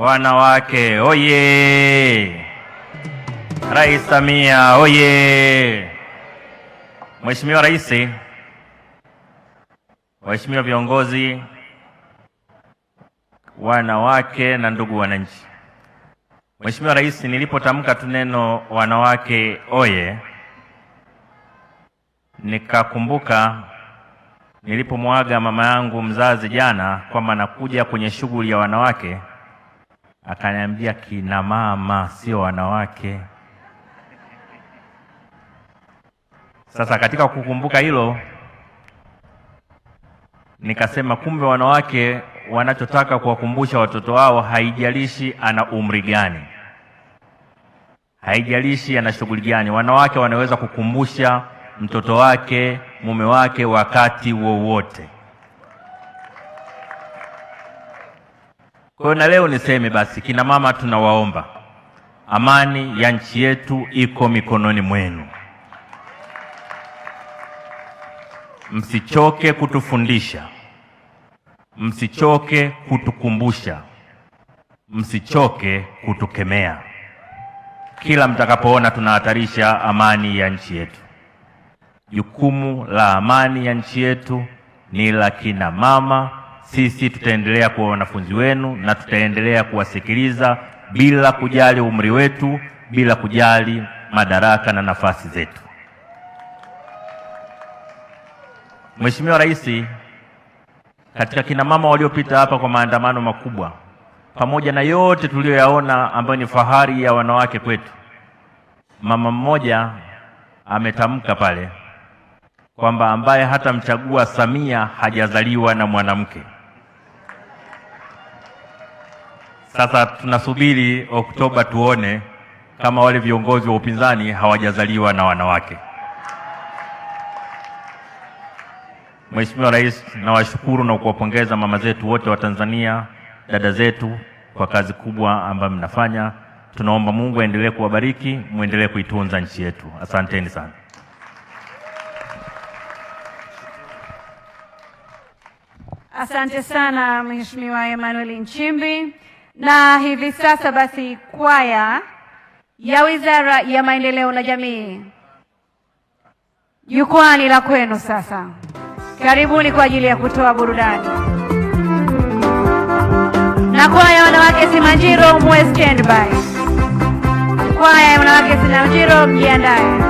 Wanawake oye! Rais Samia oye! Mheshimiwa Rais, waheshimiwa viongozi, wanawake na ndugu wananchi. Mheshimiwa Rais, nilipotamka tu neno wanawake oye, nikakumbuka nilipomwaga mama yangu mzazi jana kwamba nakuja kwenye shughuli ya wanawake akaniambia kina mama sio wanawake. Sasa katika kukumbuka hilo, nikasema kumbe wanawake wanachotaka kuwakumbusha watoto wao, haijalishi ana umri gani, haijalishi ana shughuli gani, wanawake wanaweza kukumbusha mtoto wake, mume wake wakati wowote. Kwa hiyo na leo niseme basi, kina mama, tunawaomba amani ya nchi yetu iko mikononi mwenu. Msichoke kutufundisha, msichoke kutukumbusha, msichoke kutukemea kila mtakapoona tunahatarisha amani ya nchi yetu. Jukumu la amani ya nchi yetu ni la kina mama sisi tutaendelea kuwa wanafunzi wenu na tutaendelea kuwasikiliza bila kujali umri wetu, bila kujali madaraka na nafasi zetu. Mheshimiwa Rais, katika kina mama waliopita hapa kwa maandamano makubwa, pamoja na yote tuliyoyaona ambayo ni fahari ya wanawake kwetu, mama mmoja ametamka pale kwamba ambaye hatamchagua Samia hajazaliwa na mwanamke. Sasa tunasubiri Oktoba tuone kama wale viongozi wa upinzani hawajazaliwa na wanawake. Mheshimiwa Rais, nawashukuru na kuwapongeza mama zetu wote wa Tanzania, dada zetu kwa kazi kubwa ambayo mnafanya. Tunaomba Mungu aendelee kuwabariki, muendelee kuitunza nchi yetu. Asanteni sana. Asante sana Mheshimiwa Emmanuel Nchimbi. Na hivi sasa basi kwaya ya Wizara ya Maendeleo na Jamii, jukwani la kwenu sasa. Karibuni kwa ajili ya kutoa burudani na kwaya wanawake Simanjiro, mwe standby. Kwaya ya wanawake Simanjiro, mjiandae.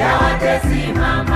ya watesimama